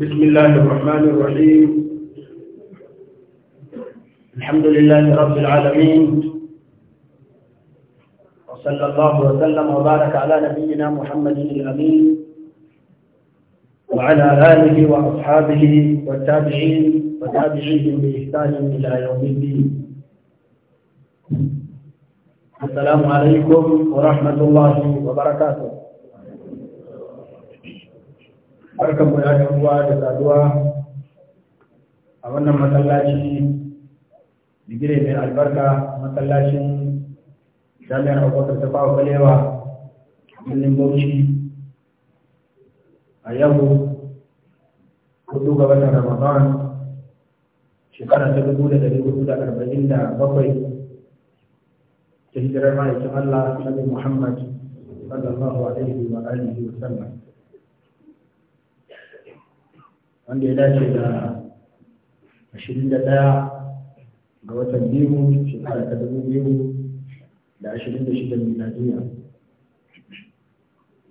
بسم الله الرحمن الرحيم الحمد لله رب العالمين وصلى الله وسلم وبارك على نبينا محمد الأمين وعلى آله وأصحابه والتابعين وتابعيهم بإحسان إلى يوم الدين السلام عليكم ورحمة الله وبركاته barkan mu yayin ruwa da saduwa a wannan masallaci digire mai albarka masallacin jami'ar abubakar ta fawa a birnin bauchi a yau hudu ga watan ramadan shekara ta dubu da dari hudu da arba'in da bakwai ta hijirar ma'aikin allah nabi muhammad sallallahu alaihi wa alihi wa sallam wanda ya dace da ashirin da ɗaya ga watan biyu shekara ta dubu biyu da ashirin da shida miladiya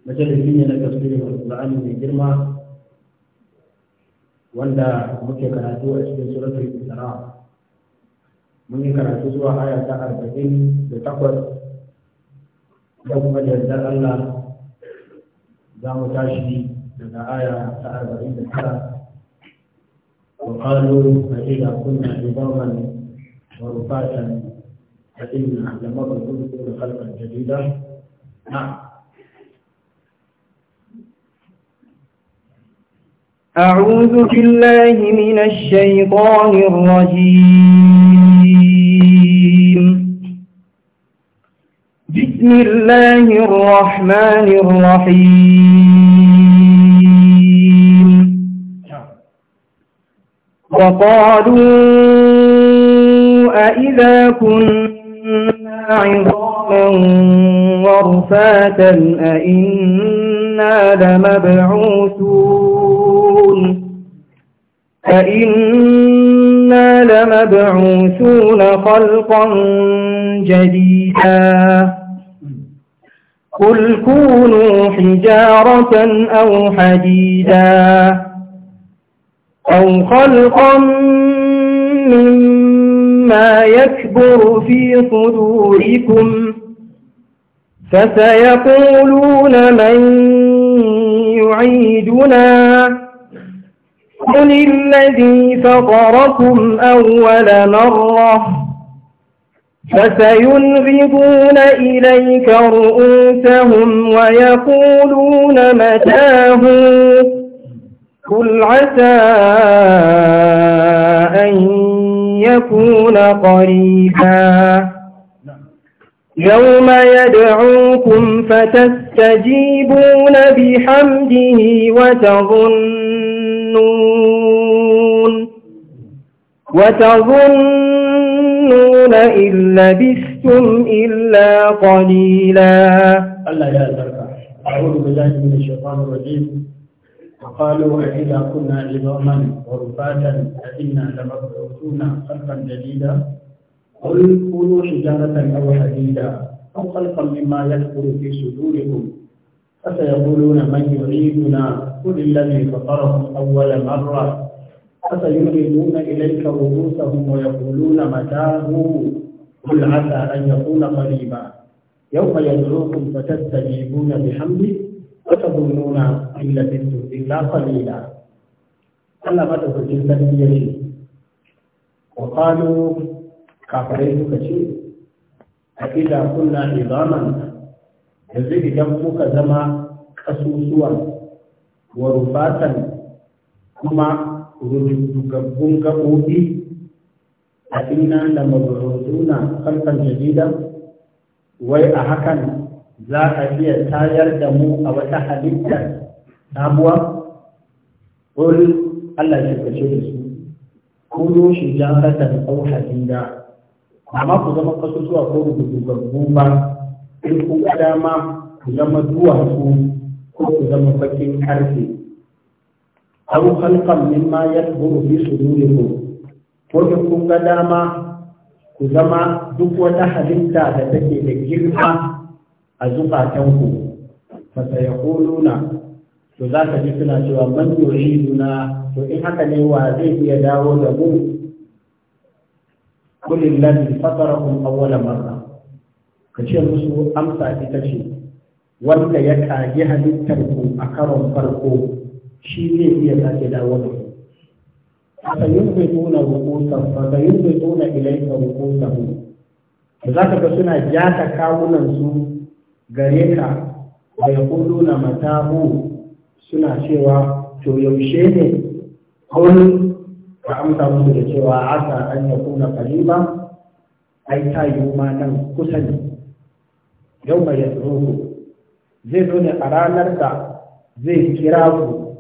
majalisi ne na tafsirin alƙur'ani mai girma wanda muke karatu a cikin suratul isra mun yi karatu zuwa aya ta arba'in da takwas da kuma da yardar allah za mu tashi daga aya ta arba'in da tara وقالوا فإذا كنا عظاما ورفاتا فإنا لمر الكون خلقا جديدا نعم أعوذ بالله من الشيطان الرجيم بسم الله الرحمن الرحيم وقالوا أئذا كنا عظاما ورفاتا أئنا لمبعوثون أئنا لمبعوثون خلقا جديدا قل كونوا حجارة أو حديدا أو خلقا مما يكبر في صدوركم فسيقولون من يعيدنا قل الذي فطركم أول مرة فسينغضون إليك رؤوسهم ويقولون متاهوا قل عسى أن يكون قريبا يوم يدعوكم فتستجيبون بحمده وتظنون وتظنون إن لبثتم إلا قليلا الله يا أعوذ بالله من الشيطان الرجيم وقالوا أئذا كنا عظاما ورفاتا أئنا لمبعوثون خلقا جديدا قل كونوا حجارة أو حديدا أو خلقا مما يذكر في صدوركم فسيقولون من يعيدنا قل الذي فطرهم أول مرة فسينغمون إليك رؤوسهم ويقولون متاه قل عسى أن يكون قريبا يوم يدعوكم فتستجيبون بحمده وتظنون إن لبثتم إلا قليلا Allah mata hujjin sarki ya ce, Wa kano kafarai suka ce, A ila kunna izaman yanzu idan kuka zama ƙasusuwan wa rufatan kuma rujugaggun gaɓoɓi a ina da mabarotuna kalkan jadida wai a hakan za a iya tayar da mu a wata halitta sabuwa ƙul Allah ya kashe da su kudo shi jahatan aw da. amma ku zama zuwa ko rubutugaggu ba in ku gada dama ku zama duwatsu ko ku zama bakin karfe aw khalqan ya yadhuru fi ku. ko in kun ga dama ku zama duk wata halitta da take da girma a zukatanku fasa ya to za ka ji suna cewa man yuriduna to in haka ne wa zai iya dawo da mu kulin lalli kun awwala marra ka ce musu amsa ita ce wanda ya kage halittar ku a karon farko shi zai iya sake dawo da ku fa yubaytuna rukusan fa yubaytuna ilayka rukusan za zaka ga suna jata kawunan su gare ka bai hudu na matahu suna cewa to yaushe ne kun ka amsa musu da cewa asa an ya kuna kariba ai ta yi ma nan kusa ne yau mai ya zai zo ne a ranar da zai kira ku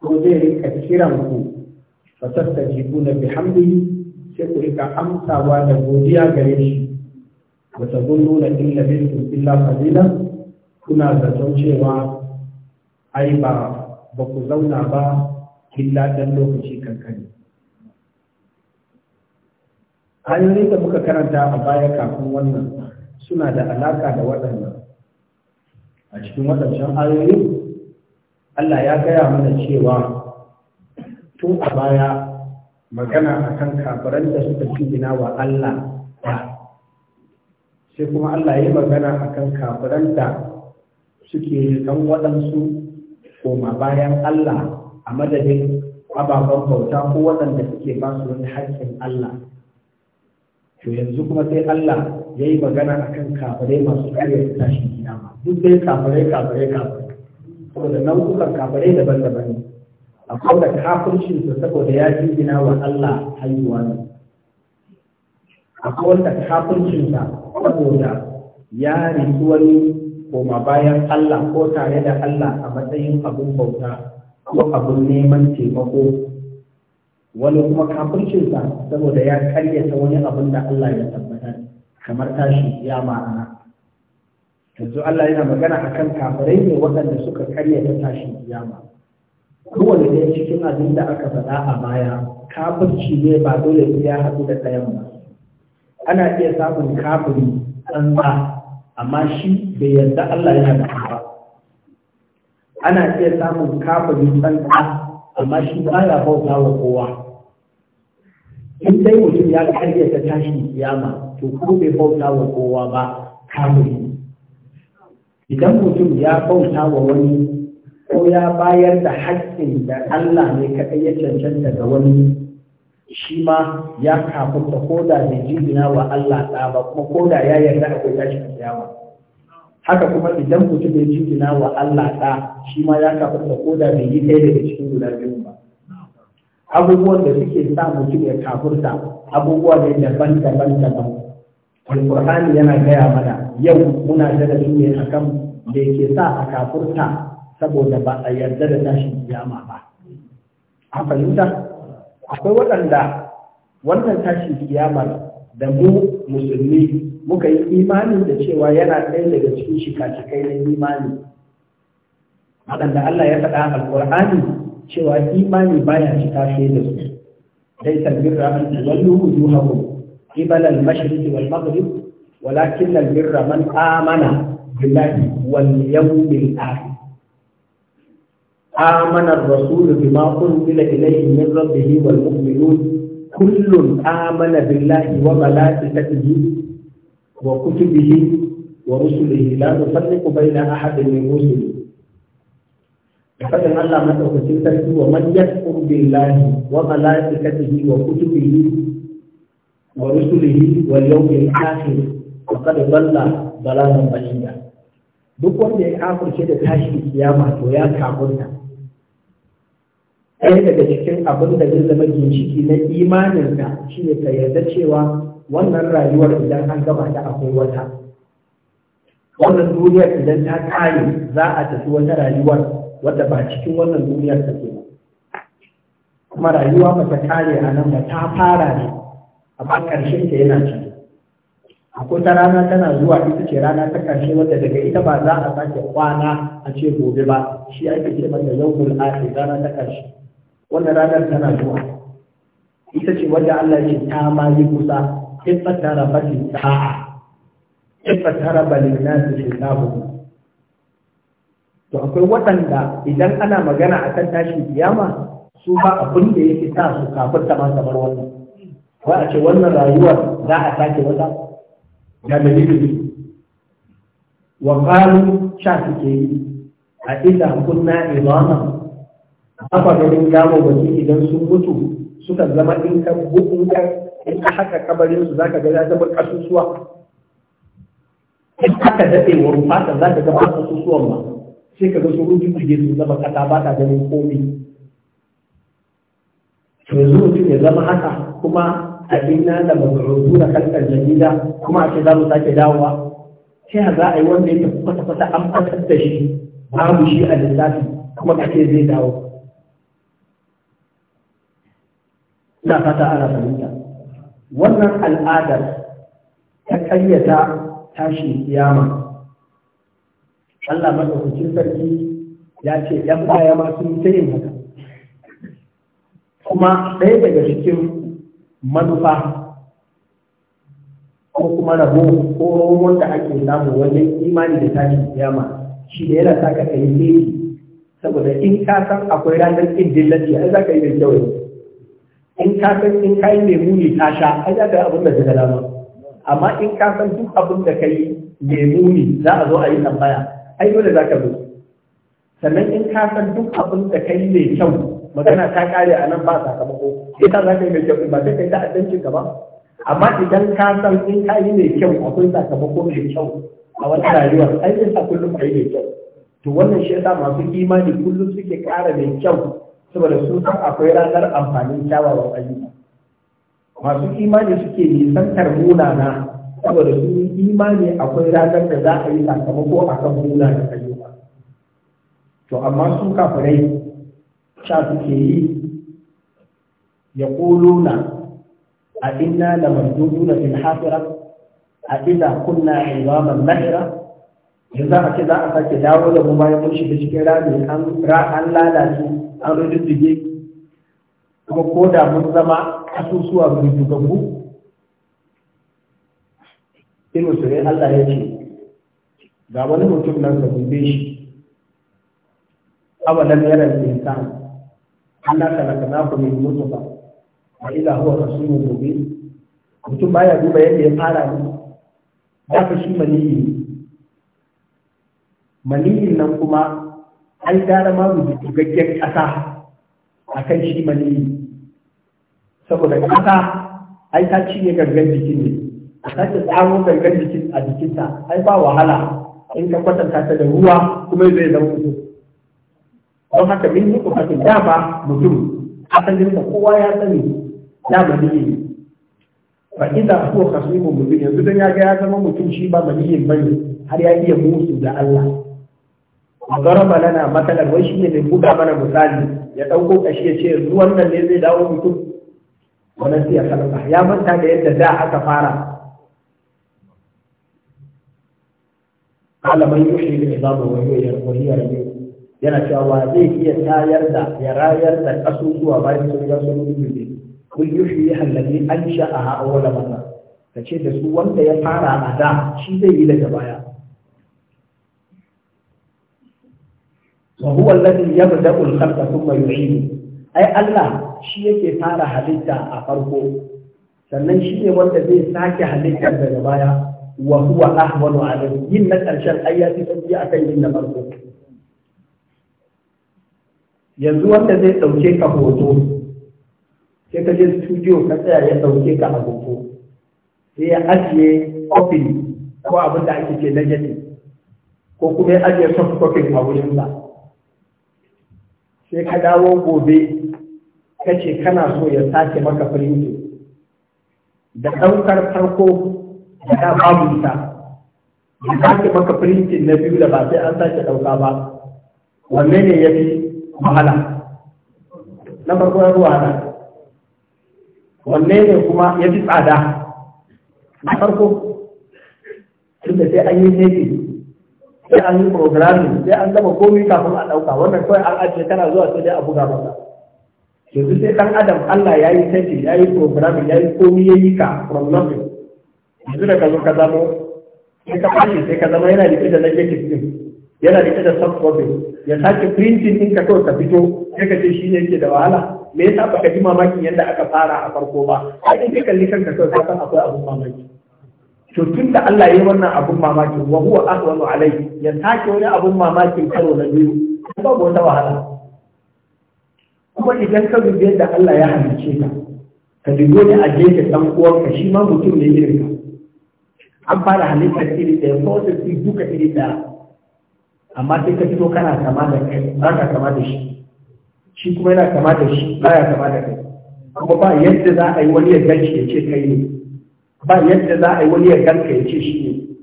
ko zai rika kiran ku fasatta jibu na bihamdi sai ku rika amsawa da godiya gare shi wa tazunnuna illa labithtum illa Fadila, kuna zaton cewa ai ba ba ku zauna ba illa dan lokaci kankani hanyoyin da muka karanta a baya kafin wannan suna da alaka da waɗannan a cikin waɗancan ayoyi Allah ya gaya mana cewa tun a baya magana akan kafiran da suka gina wa Allah sai kuma Allah ya yi magana a kafiran da suke kan waɗansu koma bayan Allah a madadin ababen bauta ko waɗanda suke ba su wani haƙƙin Allah to yanzu kuma sai Allah ya yi magana a kan kafirai masu ƙarya da tashin kiyama duk dai kafirai kafirai kafirai saboda nau'ukan kafirai daban-daban ne akwai da kafircin su saboda ya jingina wa Allah haihuwa ne akwai wanda kafircin sa saboda ya rinsu wani koma bayan Allah ko tare da Allah a matsayin abin bauta ko abin neman taimako wani kuma kafircinsa saboda ya karyata wani abin da Allah ya tabbatar kamar tashi ya ma'ana yanzu Allah yana magana akan kafirai ne waɗanda suka karyata tashi kiyama kowane ɗaya cikin abin da aka faɗa a baya kafirci ne ba dole ya haɗu da ɗayan ba ana iya samun kafiri ba amma shi bai yarda Allah yana da ba ana iya samun kafiri ba amma shi ba ya bauta wa kowa in dai mutum ya ta tashin kiyama to ko bai bauta wa kowa ba kafiri idan mutum ya bauta wa wani ko ya bayar da haƙƙin da Allah ne kaɗai ya cancanta ga wani shi ma ya kafuta ko da bai jingina wa Allah ɗa ba kuma ko da ya yarda akwai tashin kiyama haka kuma idan mutum bai jingina wa Allah ɗa shi ma ya kafuta ko da bai yi ɗaya daga cikin guda biyu ba abubuwan da suke sa mutum ya kafurta abubuwa ne daban-daban daban alƙur'ani yana gaya mana yau muna darasi ne akan da ke sa a kafurta saboda ba a yarda da tashin kiyama ba a fahimta akwai waɗanda wannan tashin kiyamar da mu musulmi muka yi imani da cewa yana ɗaya daga cikin shika-shikai na imani waɗanda Allah ya faɗa alƙur'ani cewa imani baya cika shi da su dai talbir ra'an wallu wujuhahum qibala al mashriqi wal maghrib walakin al-birra man amana billahi wal yawmil akhir آمن الرسول بما أنزل إليه من ربه والمؤمنون كل آمن بالله وملائكته وكتبه ورسله لا نفرق بين أحد من رسله فإن الله مدعوكم تركي ومن يكفر بالله وملائكته وكتبه ورسله واليوم الآخر فقد ضل ضلالا بعيدا duk wanda ya kafirce da tashin kiyama to ya kafirta ɗaya daga cikin abin da zai zama ginshiki na imaninka shi ne ka yarda cewa wannan rayuwar idan an gaba ta akwai wata wannan duniyar idan ta kare za a tafi wata rayuwar wadda ba cikin wannan duniyar ta ke kuma rayuwa ba ta kare a nan ba ta fara ne amma ƙarshen ta yana ciki akwai ta rana tana zuwa ita ce rana ta ƙarshe wadda daga ita ba za a sake kwana a ce gobe ba shi ake ce mata yau akhir rana ta ƙarshe wannan ranar tana zuwa ita ce wanda Allah ya ce ta ma yi kusa ifata rabati sa'a ifata rabali nasu shi lahu to akwai waɗanda idan ana magana a kan tashin kiyama su ba abin da yake sa su kafin ta ma kamar wannan wai a ce wannan rayuwar za a sake wata ga dalilin wa qalu sha suke yi. a idan kunna idama haka ganin gama wasu idan sun mutu suka zama in ka in ka in ka haka kabarin su zaka ga ya zama kasusuwa in aka dade wa rufata zaka ga ba kasusuwan ba sai ka ga sun jirgin su zama kata ba ta ganin komai to yanzu mutum ya zama haka kuma a inna da mazurutu da kalkar jamila kuma a ce za mu sake dawowa sai za a yi wanda tafi kwata-kwata an fasar da shi babu shi a lissafi kuma ce zai dawo ina fata ana fahimta wannan al'adar ta ƙaryata tashin kiyama Allah maɗaukacin sarki ya ce ‘yan baya ma sun ta yin haka kuma ɗaya daga cikin manufa ko kuma rabo ko wanda ake samu wajen imani da tashi kiyama shi da yana sa ka kai saboda in ka san akwai ranar ƙin dillaci ai za ka yi da kyau in ka san in kai mai muni ka sha ai da abin da ka dama amma in ka san duk abin da ka yi mai muni za a zo a yi tambaya ai dole za ka zo sannan in ka san duk abin da ka yi mai kyau magana ta kare a nan ba sakamako sai ta za ka yi mai kyau ba sai ka da ta'addancin ka ba amma idan ka san in ka yi mai kyau akwai sakamako mai kyau a wata rayuwa ai sai sa kullum kai yi mai kyau to wannan shi yasa masu imani kullum suke ƙara mai kyau saboda su san akwai ranar amfanin kyawawan ayyuka masu imani suke nisantar munana saboda su imani akwai ranar da za a yi sakamako a kan munanan ayyuka to amma su kafirai sha suke yi ya ƙuluna a inna da manduduna fil hafira a ina kunna izaman lahira za a ce za a sake dawo da mu bayan mun shiga cikin rami an lalace an rududdige kuma ko da mun zama asusuwa rududdugabu irin su ne Allah ya ce ga wani mutum nan da dube shi awalan yaran insan Allah khalaqnahu min nutfa wa ila huwa rasulun mubin mutum baya duba yadda ya fara ne ya fi shi maniyi maniyin nan kuma an gara ma gaggen ƙasa a kan shi maniyi saboda ƙasa ai ta cinye gangan jikin ne a sake tsaro gangan jikin a jikinta ai ba wahala in ka kwatanta ta da ruwa kuma zai zama mutum don haka min yi kufatin dama mutum asalin da kowa ya sani ya maniyi a idan kasu yi mutum yanzu don ya ga ya zama mutum shi ba maniyin bane har ya iya musu da Allah zaraba lana matsalar wai shi ne mai buga mana misali ya ɗauko ƙashi ya ce yanzu wannan ne zai dawo mutum wannan sai ya kalma ya manta da yadda da aka fara kala man yushi ne za mu wani ya wani ne yana cewa wa zai iya tayar da ya rayar da kasusuwa bayan sun ga sun rubuce kun yushi hallabi an sha'aha awwala mata kace da su wanda ya fara a da shi zai yi daga baya وهو الذي يبدا الخلق ثم يعيده اي الله ai Allah shi yake fara halitta a farko sannan shi ne wanda zai sake halitta daga baya wa huwa ahwanu alayhi yin na karshen ayati ya fi akan yin na farko yanzu wanda zai dauke ka hoto sai ka je studio ka tsaya ya dauke ka a hoto sai ya ajiye copy ko abin da ake ce na ko kuma ya ajiye soft copy a wurin sa sai ka dawo gobe ka ce kana so ya sake maka firinto da ɗaukar farko da ta babu ita ya sake maka firintin na biyu da ba sai an sake ɗauka ba wanne ne ya fi wahala na farko ya zuwa na wanne ne kuma ya fi tsada na farko tun da sai an yi nege sai an yi programming sai an gama komai kafin a ɗauka wannan kawai an ajiye kana zuwa sai dai a buga masa yanzu sai ɗan adam Allah ya yi tafi ya yi programming ya yi komai ya yi ka from nothing yanzu da ka zo ka zamo sai ka fashe sai ka zama yana rike da negative din yana rike da soft copy ya sake printing ɗin ka kawai ka fito sai ka ce shi ne yake da wahala me yasa baka ji mamakin yadda aka fara a farko ba a in ka kalli kanka ka san akwai abun mamaki to tun da Allah ya yi wannan abun mamaki wa huwa ahwanu alai ya sake wani abun mamakin karo na biyu babu wata wahala kuma idan ka dubi yadda Allah ya halice ka ka dubi wani a gefe dan ka shi ma mutum ne irin ka an fara halittar iri ɗaya ko wasu su duka iri ɗaya amma sai ka fito kana kama da kai ba ka kama da shi shi kuma yana kama da shi ba ya kama da kai kuma ba yadda za a yi wani ya gaci ya ce kai ne ba yadda za a yi wani ya ganka ya ce shi ne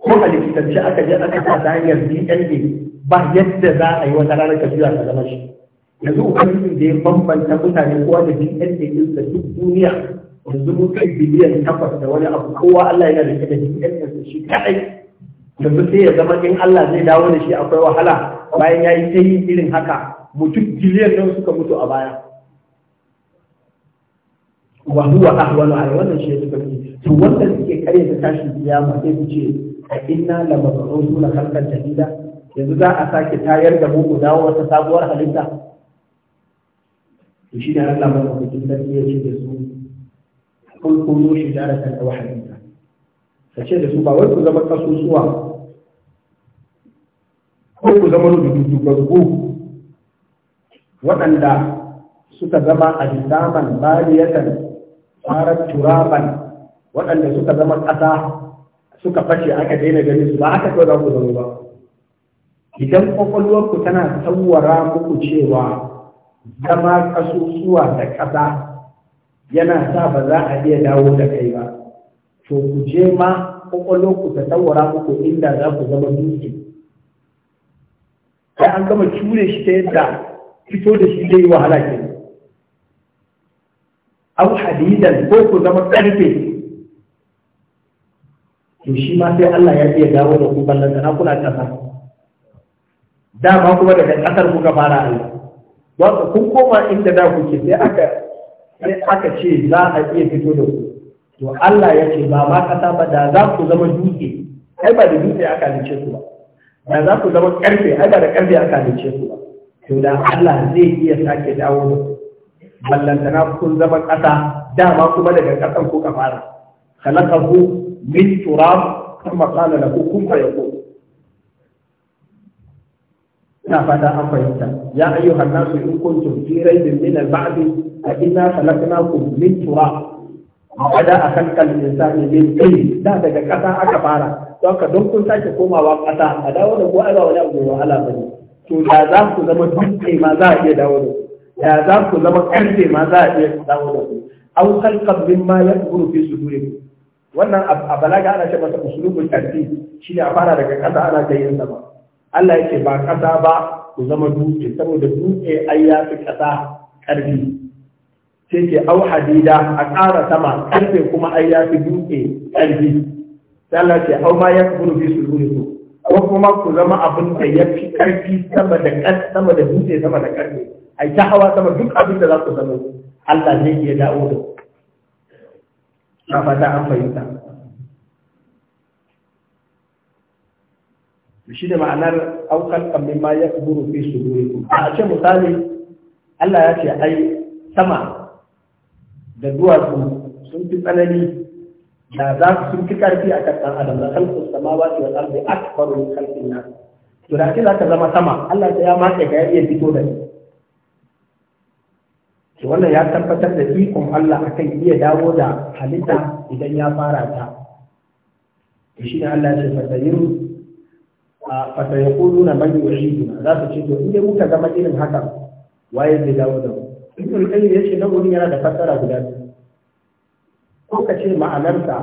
ko a likitance aka je aka sa ta hanyar DNA ba yadda za a yi wata ranar ka juya ka zama shi yanzu ubangijin da ya bambanta mutane kowa da DNA din da duk duniya yanzu mun kai biliyan takwas da wani abu kowa Allah yana da da DNA din shi kadai yanzu sai ya zama in Allah zai dawo da shi akwai wahala bayan ya yi ta irin haka mutum biliyan nan suka mutu a baya wa huwa ahwanu ala wannan shi yake kafi to wanda suke kare da tashi kiyama sai su ce a inna la mab'uthuna khalqan jadida yanzu za a sake tayar da mu guda dawo wata sabuwar halitta to shi da Allah madaukakin sarki ya ce da su kun kuno shi da rakan da wahalinta ka ce da su ba wai ku zama kasusuwa ko ku zama rubutu gaggo waɗanda suka zama a bisaman bariyatan sarar turaban waɗanda suka zama ƙasa suka fashe aka daina ganin su ba aka kawai za ku zama ba idan ƙwaƙwalwarku tana tawara muku cewa zama ƙasusuwa da ƙasa yana sa ba za a iya dawo da kai ba to ku je ma ƙwaƙwalwarku ta tawara muku inda za ku zama dutse sai an gama cure shi ta yadda fito da shi zai yi wahala ke Abu hadidan ko ku zama karfe to shi ma sai Allah ya iya dawo da ku ballan da kuna kasa dama kuma daga kasar ga fara Allah wato kun koma inda da kuke sai aka sai aka ce za a iya fito da ku to Allah ya ce ba ma kasa ba da za ku zama dutse ai ba da dutse aka halice ku ba da za ku zama karfe ai ba da karfe aka halice ku ba to da Allah zai iya sake dawo ballantana kun zama ƙasa dama kuma daga ƙasan kuka fara khalaqahu min turab kuma qala lahu kun fayakun ina fata an fahimta ya ayyuhan nasu in kuntum fi raibin min al-ba'd fa inna khalaqnakum min turab ma'ada a kan kalmin sami min kai da daga ƙasa aka fara don ka don kun sake komawa ƙasa a dawo da ku ai ba wani abu wahala ba ne to da za ku zama duk ma za a iya dawo da ku ya za ku zama karfe ma za a iya dawo da ku aw khalqan mimma yakburu fi sudurikum wannan a balaga ana cewa usulubul tartib shine a fara daga kasa ana ta yin sama Allah yake ba kasa ba ku zama dutse saboda dutse ai ya fi kasa karfi sai ke au hadida a ƙara sama karfe kuma ai ya fi dutse karfi sai Allah ce au ma yakburu fi sudurikum ko kuma ku zama abin da ya fi karfi sama da sama da dutse sama da karfe a ta hawa sama duk abin da za ku zama Allah zai iya dawo da na fata an fahimta shi da ma'anar aukar kamin ma ya kuburu fi su duri a ce misali Allah ya ce ai sama da duwatsu sun fi tsanani da za su sun fi karfi a kan adam da kalfin sama ba su wal ardi akbaru min kalfin nas to da ake za ka zama sama Allah ya matsa ga ya iya fito da ni to wannan ya tabbatar da ikon Allah a kan iya dawo da halitta idan ya fara ta shi ne Allah ce fasayin a fasayin kudu na mai yu'iduna za su ce to in dai muka zama irin haka waye zai dawo da mu ibn al-qayyim ce nan wurin yana da fassara guda biyu ko ka ce ma'anarsa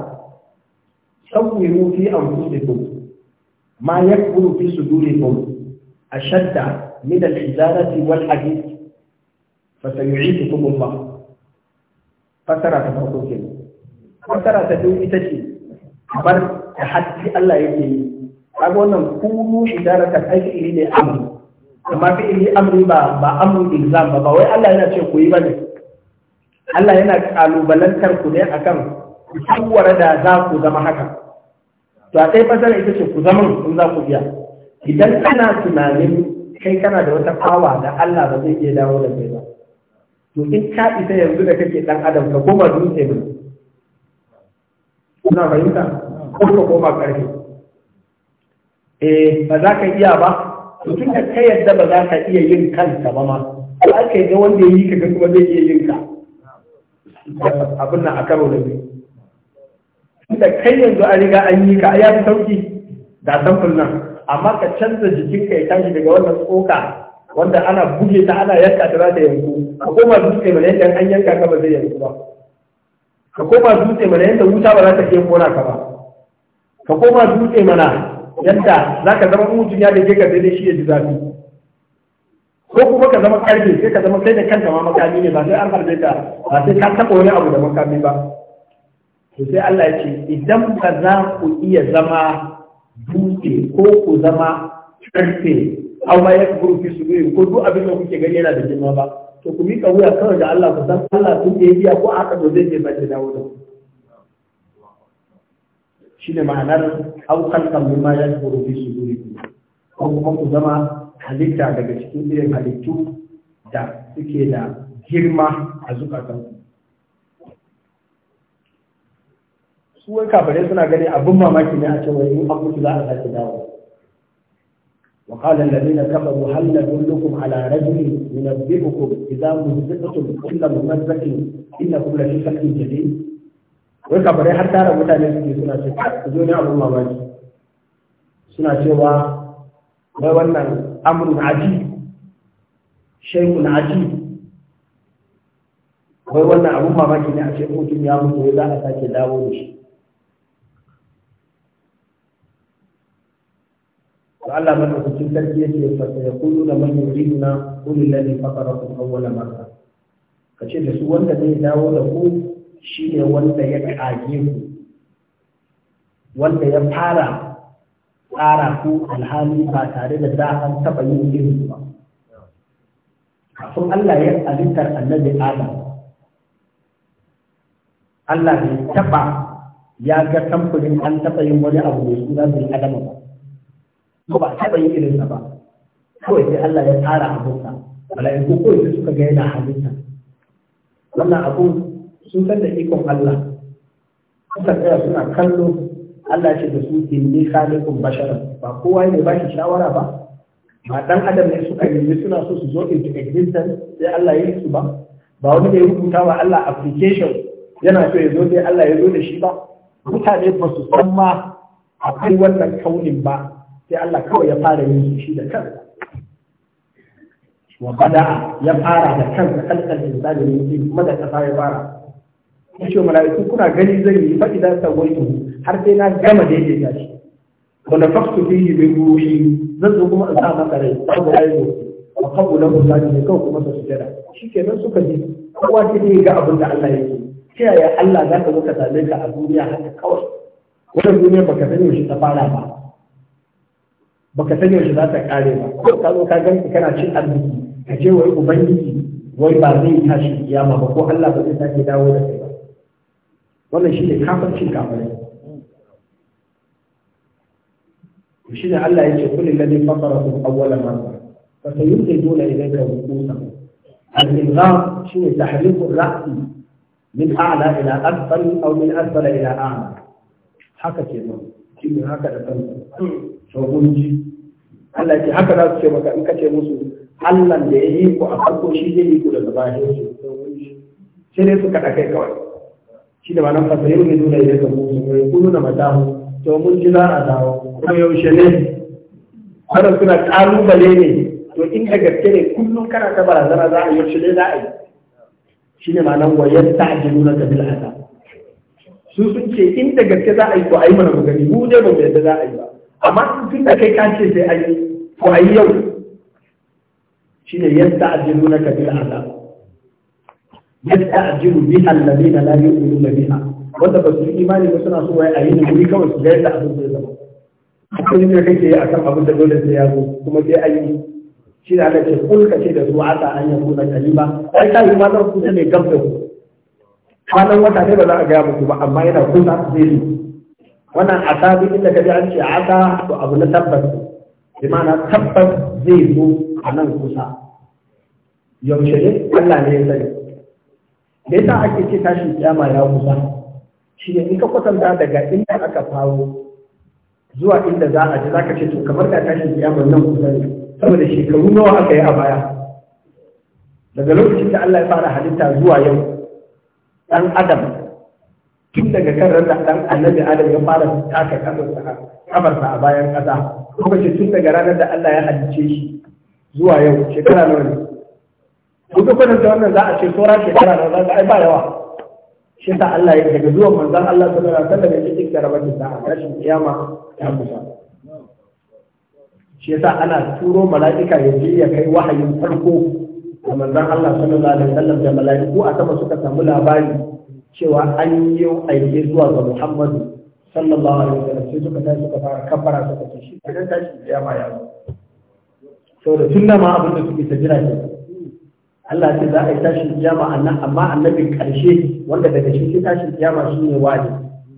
sawwiru fi anfusikum ma yakburu fi sudurikum ashadda min al-hijarati wal hadith fa sayu'idukum Allah fasara ta farko ke fasara ta biyu ita ce kamar da haddi Allah yake yi kaga wannan kunu idaratan aiki ne amri amma fi ili amri ba ba amru ilzam ba ba wai Allah yana ce ku yi bane Allah yana kalubalantar ku ne akan tsawara da za ku zama haka to a kai fasara ita ce ku zama kun za ku biya? idan kana tunanin kai kana da wata fawa da Allah ba zai iya dawo da kai ba to in ka isa yanzu da kake dan adam ka koma dutse ne kuna fahimta ko ka koma karfe eh ba za ka iya ba to tun da ka yadda ba za ka iya yin kanka ba ma ko aka ga wanda ya yi ka ga kuma zai iya yin ka abin nan a karo da zai da kai yanzu an riga an yi ka ya fi sauki da samfin nan amma ka canza jikinka ya tashi daga wannan tsoka wanda ana buge ta ana yanka ta za ta yanku ka koma dutse mana yadda an yanka ka ba zai yanku ba ka koma dutse mana yadda wuta ba za ta iya kona ka ba ka koma dutse mana yadda za ka zama mutum ya ke ka sai dai shi ya ji zafi ko kuma ka zama karfe sai ka zama sai da kanta ma makami ne ba sai an harbe ta ba sai ka taɓa wani abu da makami ba to sai Allah ya ce idan ba za ku iya zama dutse ko ku zama karfe amma ma kuburu fi biyu ko duk abin da kuke gani yana da girma ba to ku mika wuya kawai da Allah ku san Allah tun da ya biya ko aka to zai je bace dawo da shi shine ma'anar aw ma ya kuburu fi biyu ko kuma ku zama halitta daga cikin irin halittu da suke da girma a zukatanku su wai kafare suna gani abin mamaki ne a cewa in an za a sake dawo وقال الذين كفروا هل ندلكم على رجل ينبئكم اذا مزقتم كل ممزق انكم لفي خلق جديد وكبري حتى لو mutane suke suna ce ka zo ne abun mamaki suna cewa wai wannan amrun aji shaikun aji wai wannan abun mamaki ne a ce mutum ya mutu za a sake dawo da shi to Allah madaukakin sarki yake fa sayaquluna man yuriduna qul alladhi fatarakum awwala marra kace da su wanda zai dawo da ku shine wanda ya kage ku wanda ya fara tsara ku alhali ba tare da za an taba yin irin ba kafin Allah ya halittar annabi Adam Allah bai taba ya ga kamfanin an taba yin wani abu mai suna bin Adam ba ko ba taɓa yin irinsa ba kawai sai Allah ya tsara abunsa mala'iku kawai sai suka ga yana halitta wannan abu sun san da ikon Allah suka tsaya suna kallo Allah ce da su inni khaliqun basharan ba kowa ne ba shi shawara ba ba dan adam ne suka yi suna so su zo into existence sai Allah ya yi su ba ba wani da ya rubuta wa Allah application yana so ya zo dai Allah ya zo da shi ba mutane ba su san ma akwai wannan kaunin ba sai Allah kawai ya fara yin shi da kansa wa bada ya fara da kansa kalkal insani ne kuma da kasa ya fara yace mala'iku kuna gani zai yi fa idan sawaitu har sai na gama da daidaita shi wanda faktu fihi bi ruhi zan zo kuma in sa masa rai babu ayo wa qabula hu ne kawai kuma sa sujada shikenan suka ji kowa sai ga abin da Allah yake ta yaya Allah za ka zo ka same ka a duniya haka kawai wannan duniya baka sani shi ta fara ba baka san yaushe za ta kare ba ko ka zo ka ganka kana cin arziki ka je wai ubangiji wai ba zai tashi kiyama ba ko Allah ba zai sake dawo da kai ba wannan shi ne kafircin kafirai shi ne Allah ya ce kulli ladhi fatarakum awwala marra fa sayunjiduna ilayka rukusakum al-ilgham shi ne tahriku ra'si min a'la ila asfal aw min asfal ila a'la haka ke nan shi ne haka da kanku to gunji Allah ce haka za su ce maka in ka ce musu Allah da ya yi ku a farko shi zai yi ku da bayan su to gunji sai dai su kaɗa kai kawai shi da ma'anar fasayi ne nuna ya ga musu mai kunu na matahu to mun ji za a dawo kuma yaushe ne wannan suna ƙalubale ne to in ka gaske ne kullum kana ta barazana za a yaushe ne za a yi shi ne ma'anar wayar nuna kabil azab su sun ce in da gaske za a yi to a yi mana magani mu dai ba mu yadda za a yi ba amma tun da kai kace sai to ko yi yau shi ne yadda ajiyar nuna ka bil azab yasta'jilu biha alladhina la yu'minuna biha wanda ba su yi imani ba suna so wai a yi ne wuri kawai su gaya yadda abin ya zama akwai ne kake yi akan abin da dole sai ya zo kuma sai yi shi da aka ce kun ce da su aka an yanku na kalima ai yi ma zan kusa ne gab ku kwanan wata ne ba za a gaya muku ba amma yana kusa zai wannan asa duk inda ka ji an ce asa to abu na tabbas bi ma'ana tabbas zai zo a nan kusa yaushe ne Allah ne ya sani da yasa ake ce tashin kiyama ya kusa shi ne in ka kwatanta daga inda aka faro zuwa inda za a ji za ka ce to kamar da tashin kiyama nan kusa ne saboda shekaru nawa aka yi a baya daga lokacin da Allah ya fara halitta zuwa yau Dan adam tun daga kan ran dan annabi adam ya fara taka kafarsa kafarsa a bayan kasa kuma tun daga ranar da Allah ya halice shi zuwa yau shekara nawa ne ko duk wannan da wannan za a ce tsora shekara nawa za ka ai ba yawa shi sa Allah ya daga zuwan manzon Allah sallallahu alaihi wasallam ya cikin rabar da rashin kiyama ta kusa shi yasa ana turo mala'ika ya je ya kai wahayin farko da manzon Allah sallallahu alaihi wasallam da mala'iku a sama suka samu labari cewa an yi aiki zuwa ga Muhammadu sallallahu alaihi wasallam sai suka tashi suka fara kafara suka ce shi idan tashi da yama ya zo da tunda ma abin da suke ta jira ne Allah ce za a yi tashin kiyama annan amma annabin karshe wanda daga shi ke tashin kiyama shi ne wani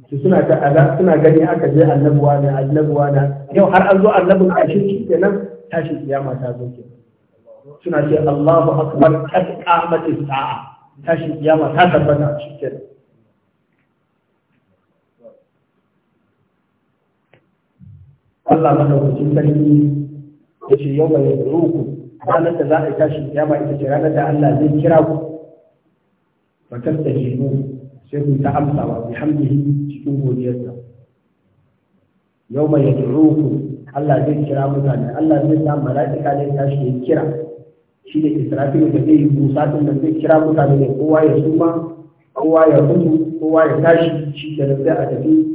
su suna ta ala suna gani aka je annabuwa ne annabuwa na yau har an zo annabin karshe shi kenan tashin kiyama ta zo kenan suna ce Allahu akbar qad qamatis sa'a tashin kiyama ta tabbata a cikin Allah wuce sarki ya ce yau mai ruku ranar da za a yi tashin kiyama ita ce ranar da Allah zai kira ku ba ta mu sai ku ta amsa ba bi hamdihi cikin godiyarsa yau mai ruku Allah zai kira mutane Allah zai sa mala'ika ne tashi ya kira shi ne israfilu da zai yi busa da zai kira mutane da kowa ya suma kowa ya mutu kowa ya tashi shi da zai a tafi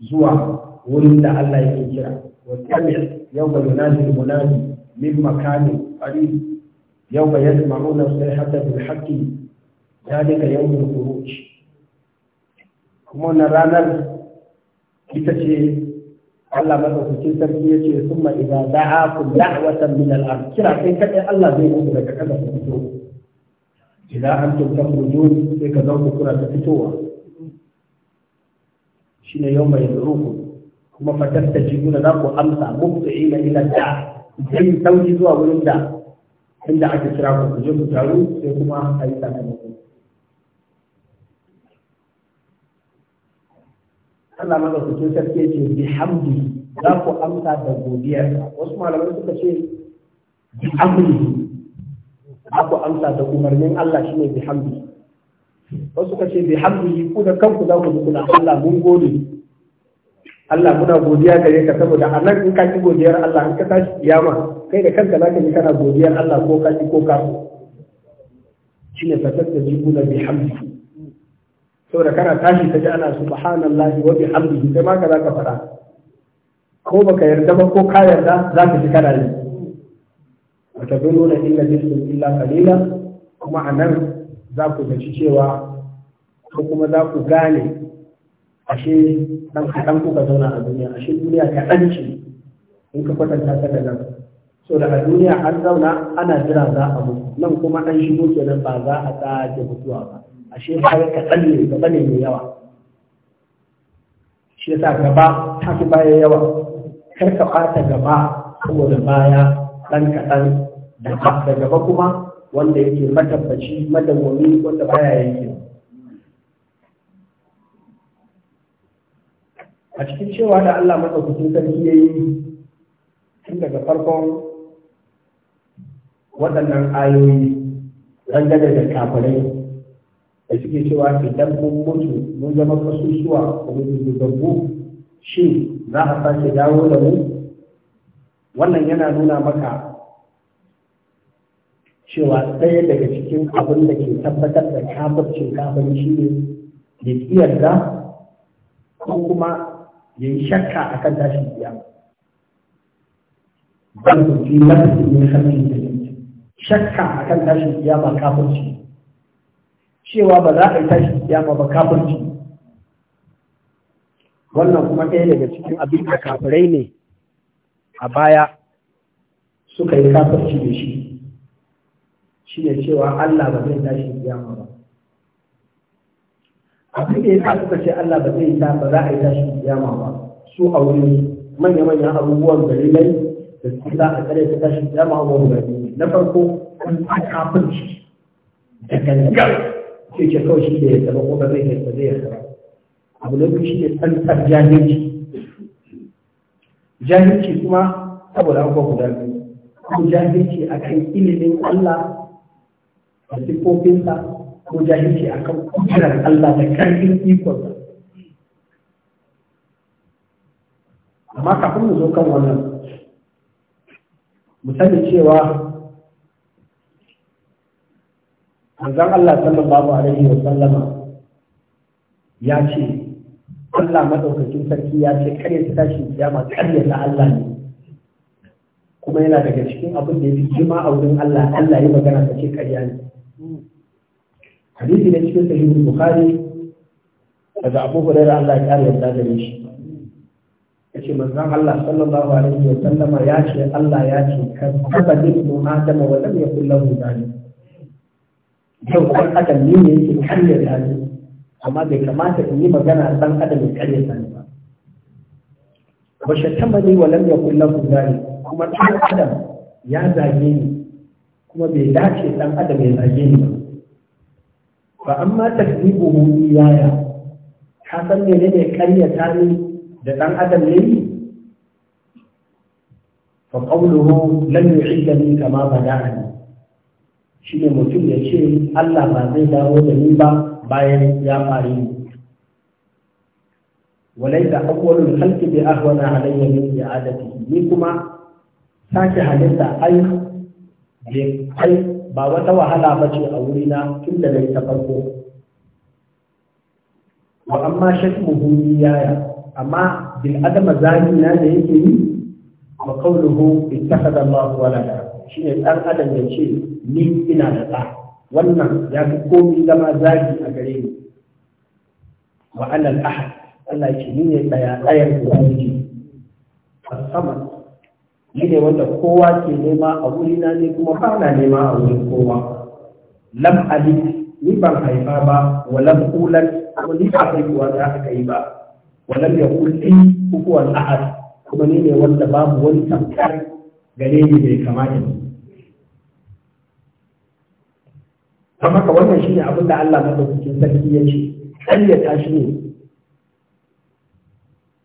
zuwa wurin da Allah ya ke kira wa kamil yawma yunadi munadi min makanin qarib yawma yasma'una hatta bil haqqi daga yau da kuma na ranar ita ce Allah madaukakin sarki ya ce summa idza kun da'watan min watan ard kira kai kaɗai Allah zai muku daga kasa ku fito idza antum takhrujun sai ka zauku kuna ta fitowa shine yawma yadruku kuma fatastajibuna za ku amsa mubti'ina ila da sai sauki zuwa wurin da inda aka kira ku je ku taru sai kuma yi sakamako Allah madaukakin sarki ya ce bihamdi za ku amsa da godiyarsa wasu malamai suka ce bihamdi za ku amsa da umarnin Allah shine bihamdi wasu suka ce bihamdi ku da kanku za ku ji kuna Allah mun gode Allah muna godiya gare ka saboda a nan in ka ki godiyar Allah in ka tashi kiyama kai da kanka za ka ji kana godiyar Allah ko ka ki ko ka shi shine fatar da jibu da bihamdi saboda kana tashi ka ji ana subhanallahi wa bihamdihi sai ma ka ka fara ko baka yarda ba ko ka yarda ka ji kana yi wa tadununa illa jismu illa qalila kuma anan za ku gaci cewa ko kuma za ku gane ashe dan kaɗan kuka zauna a duniya ashe duniya kaɗan ce in ka kwatanta ta da nan so da a duniya an zauna ana jira za a mutu nan kuma an shigo kenan ba za a sake mutuwa ba ashe bayan ka tsalle gaba ne mai yawa shi yasa gaba ta fi baya yawa kar ka ɓata gaba saboda baya ɗan kaɗan da gaba kuma wanda yake matabbaci madawwami wanda baya yake a cikin cewa da Allah maɗaukakin sarki ya yi tun daga farkon waɗannan ayoyi dangane da kafirai A suke cewa idan mun mutu mun zama kasusuwa a wajen zubabbu shi za a sake dawo da mu wannan yana nuna maka cewa ɗaya daga cikin abin da ke tabbatar da kafircin kafin shi ne da ƙi da ko kuma ya yi shakka a kan tashin biya ban su fi mafi ne shakka a kan tashin biya ba kafirci cewa ba za a yi tashi kiyama ba kafirci wannan kuma ɗaya daga cikin abin da kafirai ne a baya suka yi kafirci da shi shi ne cewa Allah ba zai tashi kiyama ba abin da ya sa suka ce Allah ba zai ta ba za a yi tashi kiyama ba su a wurin manya-manyan abubuwan dalilai da su za a kare ta tashi kiyama a wurin na farko ta kafirci daga gangan sai ce kawai shi da ya zama ko ba zai yarda zai yarda ba abu na biyu shi ne tsantsar jahilci jahilci kuma saboda abubuwa guda biyu ko jahilci akan ilimin Allah da siffofinsa ko jahilci akan kujerar Allah da karfin ikonsa amma kafin mu zo kan wannan mu sani cewa manzon Allah sallallahu alaihi wa sallama ya ce Allah madaukakin sarki ya ce kare ta tashi kiyama kare na Allah ne kuma yana daga cikin abin da fi jima a wurin Allah Allah ya magana ta ce kariya ne hadisi ne cikin sahihul bukhari daga Abu Hurairah Allah ya kare yarda da shi yace manzon Allah sallallahu alaihi wa sallama ya ce Allah ya ce kan kafa wa lam yakul lahu yau ɗan adam ne ne yake karya sani amma bai kamata in yi magana ɗan adam ya karya sani ba ba ta ne wa lam kullum ku zari kuma ɗan adam ya zage ni kuma bai dace ɗan adam ya zage ni ba fa amma takdibuhu yaya ka san ne ne ta ni da ɗan adam ya yi fa qawluhu lam ni kama bada'ani shi ne mutum ya ce Allah ba zai dawo da ni ba bayan ya faru ni walai da akwalin halki bai ahwana halayya ne ya adadi ni kuma sake halitta ai ai ba wata wahala ba ce a wurina tun da ta farko wa amma shakmuhu yaya amma bil adama zani na da yake yi wa qawluhu ittakhadha Allahu walada Shi ne ɗan adam ya ce ni ina da ɗa wannan ya fi komi zama zagi a gare ni wa ahad Allah ya ce ni ne ɗaya ɗayan ubangiji saman ni ne wanda kowa ke nema a wurina ne kuma ba na nema a wurin kowa lam Ali ni ban haifa ba wa lam kulan kuma ni ba haihuwa za aka yi ba walam ya kulli kukuwan ahad kuma ni ne wanda babu wani tamkar gare ni bai kamata. don haka wannan shi ne abin da Allah maɗaukakin sarki ya ce ƙaryata shi ne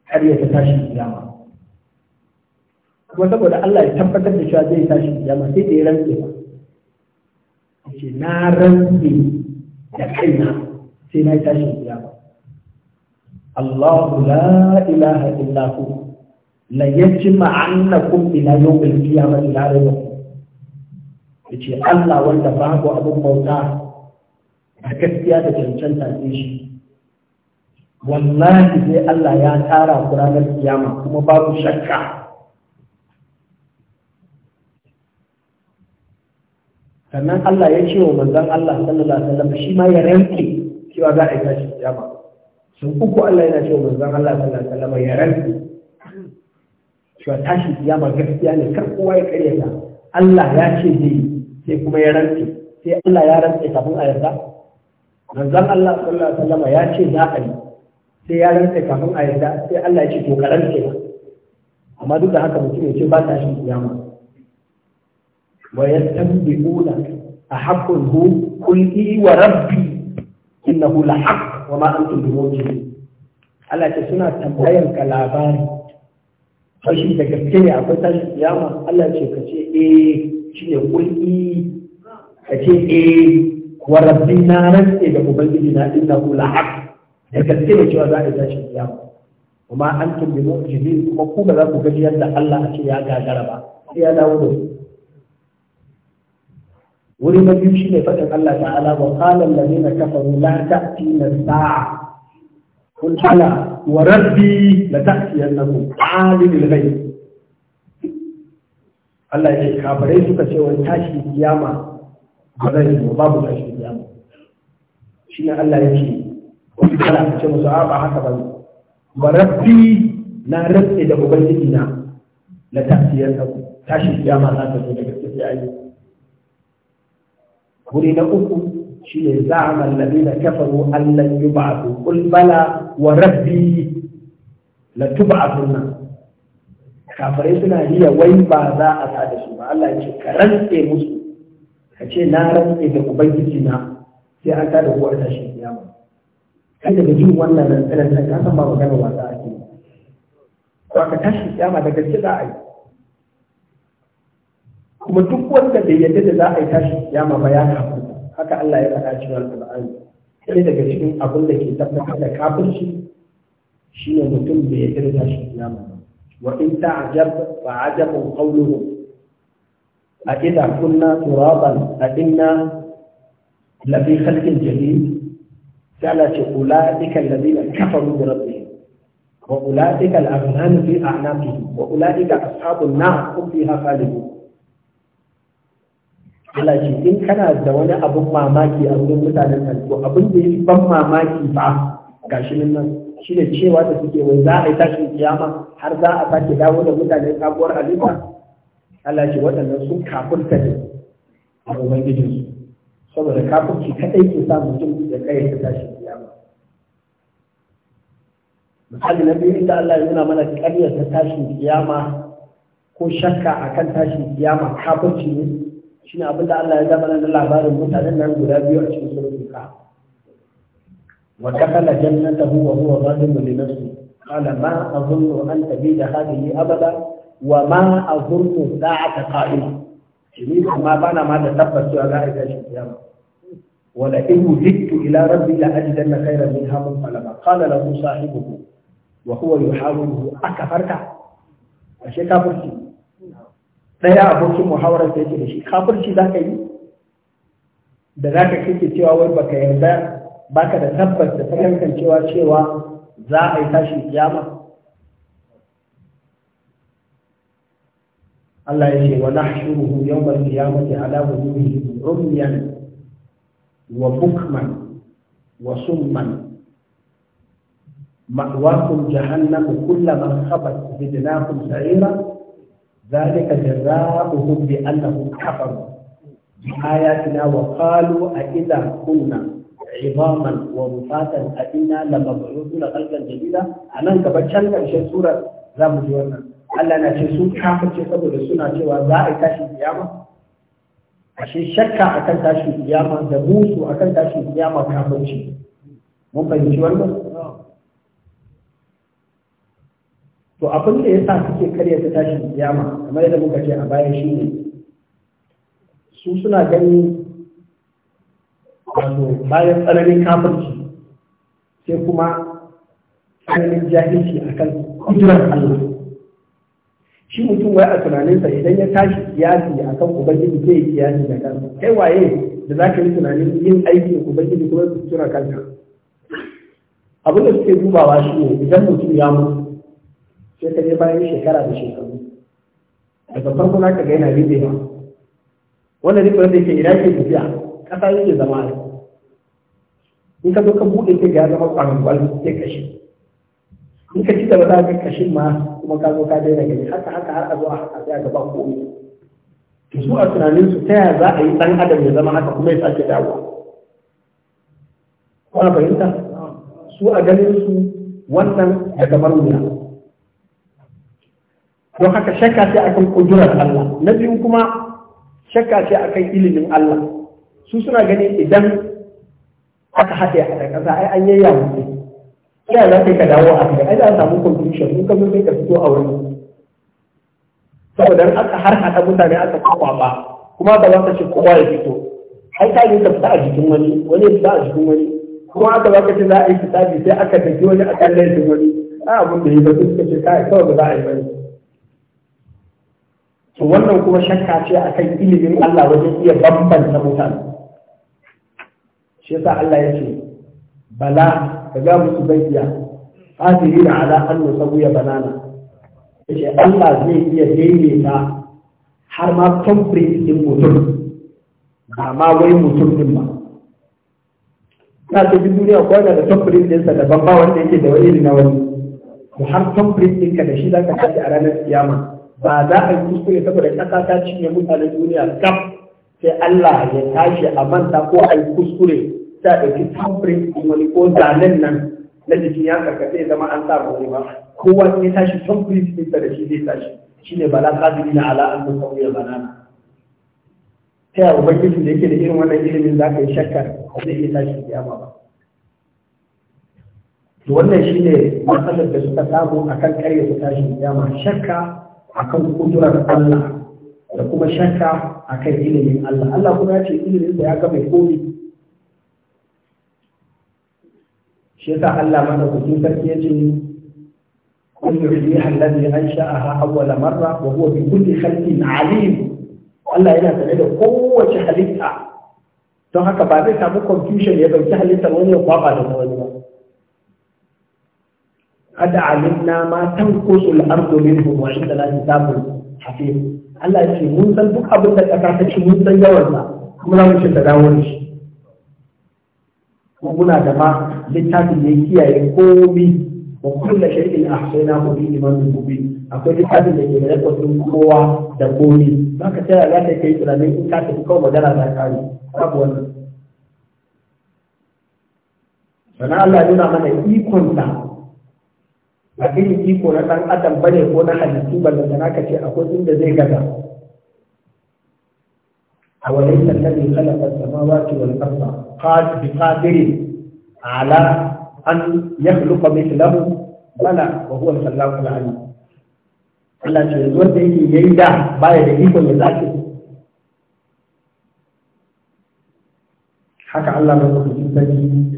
ƙaryata tashin kiyama kuma saboda Allah ya tabbatar da cewa zai tashi kiyama sai da ya rantse ba ce na rantse da kaina sai na tashi kiyama Allahu la ilaha illa hu la yajma'annakum ila yawmil qiyamati la rayba yace ce Allah wanda babu abin bauta a gaskiya da cancanta ne shi wallahi sai Allah ya tara ku ranar kiyama kuma babu shakka sannan Allah ya ce wa manzon Allah sallallahu alaihi wasallam shi ma ya rantsi cewa za a yi tashi kiyama sun uku Allah yana ce wa manzon Allah sallallahu alaihi wasallam ya rantsi cewa tashi kiyama gaskiya ne kar kowa ya karyata Allah ya ce zai yi sai kuma ya rantse sai Allah ya rantse kafin a yarda manzon Allah sallallahu alaihi wasallam ya ce za a yi sai ya rantse kafin a yarda sai Allah ya ce to ka rantse ba amma duk da haka mutum ya ce ba ta shi kiyama wa yastabiquna ahaqqun hu qul i wa rabbi innahu la haqq wa ma antum bi Allah ce suna tambayan ka labari to da gaske ne akwai tashi kiyama Allah ce ka ce eh ne kulki ka ce eh kuwa rabbi na rantse da ubangiji na inna ku la haq da gaske ne cewa za a tashi kiyama kuma an tumbi mu'jizin kuma ku ba za ku gaji yadda Allah a ce ya gagara ba sai ya dawo da su wuri na biyu ne fatan Allah ta'ala wa qala allazina kafaru la ta'tina sa'a kun ala wa rabbi la ta'tiyannakum alimul ghaib Allah ya ce kafirai suka ce wani tashi kiyama ba zai yi babu tashi kiyama shi ne Allah ya ce wani kala ka ce musu ba haka ba wa rabbi na rabbi da ubangiji na la ta'tiyannakum tashi kiyama za ta zo daga cikin ayi wuri na uku shi ne za a za'ama alladina kafaru allan yub'athu qul bala wa rabbi na la tub'athunna kafirai suna riya wai ba za a sa da su ba Allah ce ka rantse musu ka ce na rantse da ubangiji na sai an ta da uwar tashi kiyama kai daga jin wannan rantsanar ta kasan ba magana wasa ake ba ka tashi kiyama da gaske za a yi kuma duk wanda bai yadda da za a yi tashi kiyama ba ya kafa haka Allah ya faɗa cikin alƙur'ani sai daga cikin abin da ke tabbatar da kafirci shine mutum bai yarda da shi kiyama wa in ta'jab fa ajabun qawluhum a idza kunna turaban a inna la fi khalqin jadid sai Allah ce ulaika alladhina kafaru bi rabbihim wa ulaika al-aghnam fi a'naqihim wa ulaika ashabun nar hum fiha khalidun Allah ce in kana da wani abin mamaki a wurin mutanen nan ko abin da yake ban mamaki ba gashi nan nan ne cewa da suke wai za a yi tashin kiyama har za a sake dawo da mutanen sabuwar alifa Allah ce waɗannan sun kafurta ne a ubangijin su saboda kafirci kadai ke sa mutum ya kai ta tashin kiyama misali na biyu inda Allah ya nuna mana ƙaryar ta tashin kiyama ko shakka akan tashin kiyama kafurci ne shine abin da Allah ya zama nan da labarin mutanen nan guda biyu a cikin suratul kahf wa dakhala jannatahu wa huwa zalimun li nafsihi qala ma azunnu an tabida hadhihi abada wa ma azunnu sa'ata qa'ima ni kuma bana ma da tabbas cewa za a ga shi kiyama wa la in wujidtu ila rabbi la ajidanna khayran minha munqalaba qala lahu sahibuhu wa huwa yuhawiluhu akafarta ashe kafirci ɗaya abokin muhawarar da yake da shi kafirci za ka yi da za ka kike cewa wai baka yarda baka da tabbas da fahimtar cewa cewa za a yi tashin kiyama Allah ya ce wa nahshuruhu yawmal qiyamati ala wujuhihim umyan wa bukman wa summan ma'wakum jahannamu kullama khabat zidnakum sa'ira ذلك جزاؤهم بأنهم كفروا بآياتنا وقالوا أإذا كنا عظاما ورفاتا أئنا لمبعوثون خلقا جديدا أنا كبشان كأشياء سورة لا مجوانا ألا نشسون كافر شكبر رسولنا جوا تاشي القيامة ashe أشي شكا tashin تاشي da musu akan تاشي kiyama kafirci mun ممكن wannan to abin da ya sa suke karya ta tashin kiyama kamar yadda muka ce a baya shi ne su suna gani wato bayan tsananin kafirci sai kuma tsananin jahilci a kan kudurar Allah shi mutum wai a tunaninsa idan ya tashi kiyasi a kan ubangiji zai kiyasi da kansa kai waye da za ka yi tunanin yin aiki da ubangiji kuma su tura kanka abin da suke dubawa shi ne idan mutum ya mutu sai ka je bayan shekara da shekaru daga farko na ka yana yana ribewa wannan ribewar da yake ina ke tafiya kasa yake zama ne in ka zo ka buɗe ta ga zama ƙwarangwal sai kashe in ka ci gaba za ka kashin ma kuma ka zo ka daina gani haka haka har a zo a haka sai a gaba komai to su a tunaninsu ta yaya za a yi ɗan adam ya zama haka kuma ya sake dawowa kuna fahimta su a ganin su wannan da kamar wuya don haka shakka ce akan kudurar Allah na biyu kuma shakka ce akan ilimin Allah su suna ganin idan aka haɗe a ƙasa ai an yayya mutum ya za ka dawo a kai ai za a samu confusion in ka zo sai ka fito a wurin saboda aka har haɗa mutane aka ba kuma ba za ka ce kowa ya fito ai ta yi ka fita a jikin wani wani ya fita a jikin wani kuma aka za ka ce za a yi fitabi sai aka tafi wani a kan laifin wani a abin da yi ba suka ce kai kawai ba za a yi ba ne to wannan kuma shakka ce akan ilimin Allah wajen iya bambanta mutane shi yasa Allah ya ce bala ka ga musu bayya da ala an nusawiya banana yace Allah zai iya daidaita har ma complete din mutum ba ma wai mutum din ba ta tafi duniya ko da complete din sa daban ba wanda yake da wani na wani to har complete din ka da shi zaka tafi a ranar kiyama ba za a yi kuskure saboda ƙasa ta cinye mutanen duniya kam sai Allah ya tashi a manta ko a yi kuskure ta ɗauki tamfirin wani ko zanen nan na jikin ya karkata zama an sa wani ba kowa sai tashi tamfirin ɗinsa da shi zai tashi shine bala kadiri na ala an sauya banana ta yaya ubangiji da yake da irin wannan ilimin za ka yi shakkar ba zai iya tashi kiyama ba to wannan shine matsalar da suka samu akan karya su tashi kiyama shakka akan kudurar Allah da kuma shakka akan ilimin Allah Allah kuma ya ce ilimin da ya ga mai komi shi yasa Allah madaukakin sarki ya ce kullu yuhyiha allazi ansha'aha awwala marra wa huwa bi kulli khalqin alim Allah yana tare da kowace halitta don haka ba zai samu confusion ya dauki halittar wani ya kwaba da wani ba قد علمنا ما تنقص الأرض منهم وعندنا كتاب حفيظ Allah ya ce mun san duk abin ƙasa ta ci mun san yawansa kuma za mu ce ta dawo da shi da ma littafin da kiyaye komi wa kulla shay'in ahsayna hu bi imamin mubin akwai littafin da ke da rekodin kowa da komi za ka tsaya za ka kai tunanin in ka tafi kawai magana za ka yi Allah ya mana ikonta. abin iko na ɗan adam ba ne ko na halittu ba da naka ce akwai inda zai gaza a wani halafar kalafar ba ce wani ƙasa bi qadiri ala an yakhluqa mithlahu mai wa huwa al-khallaqu al-alim Allah ce yanzu wanda yake yayi da baya da iko mai zaki haka Allah ba ku sarki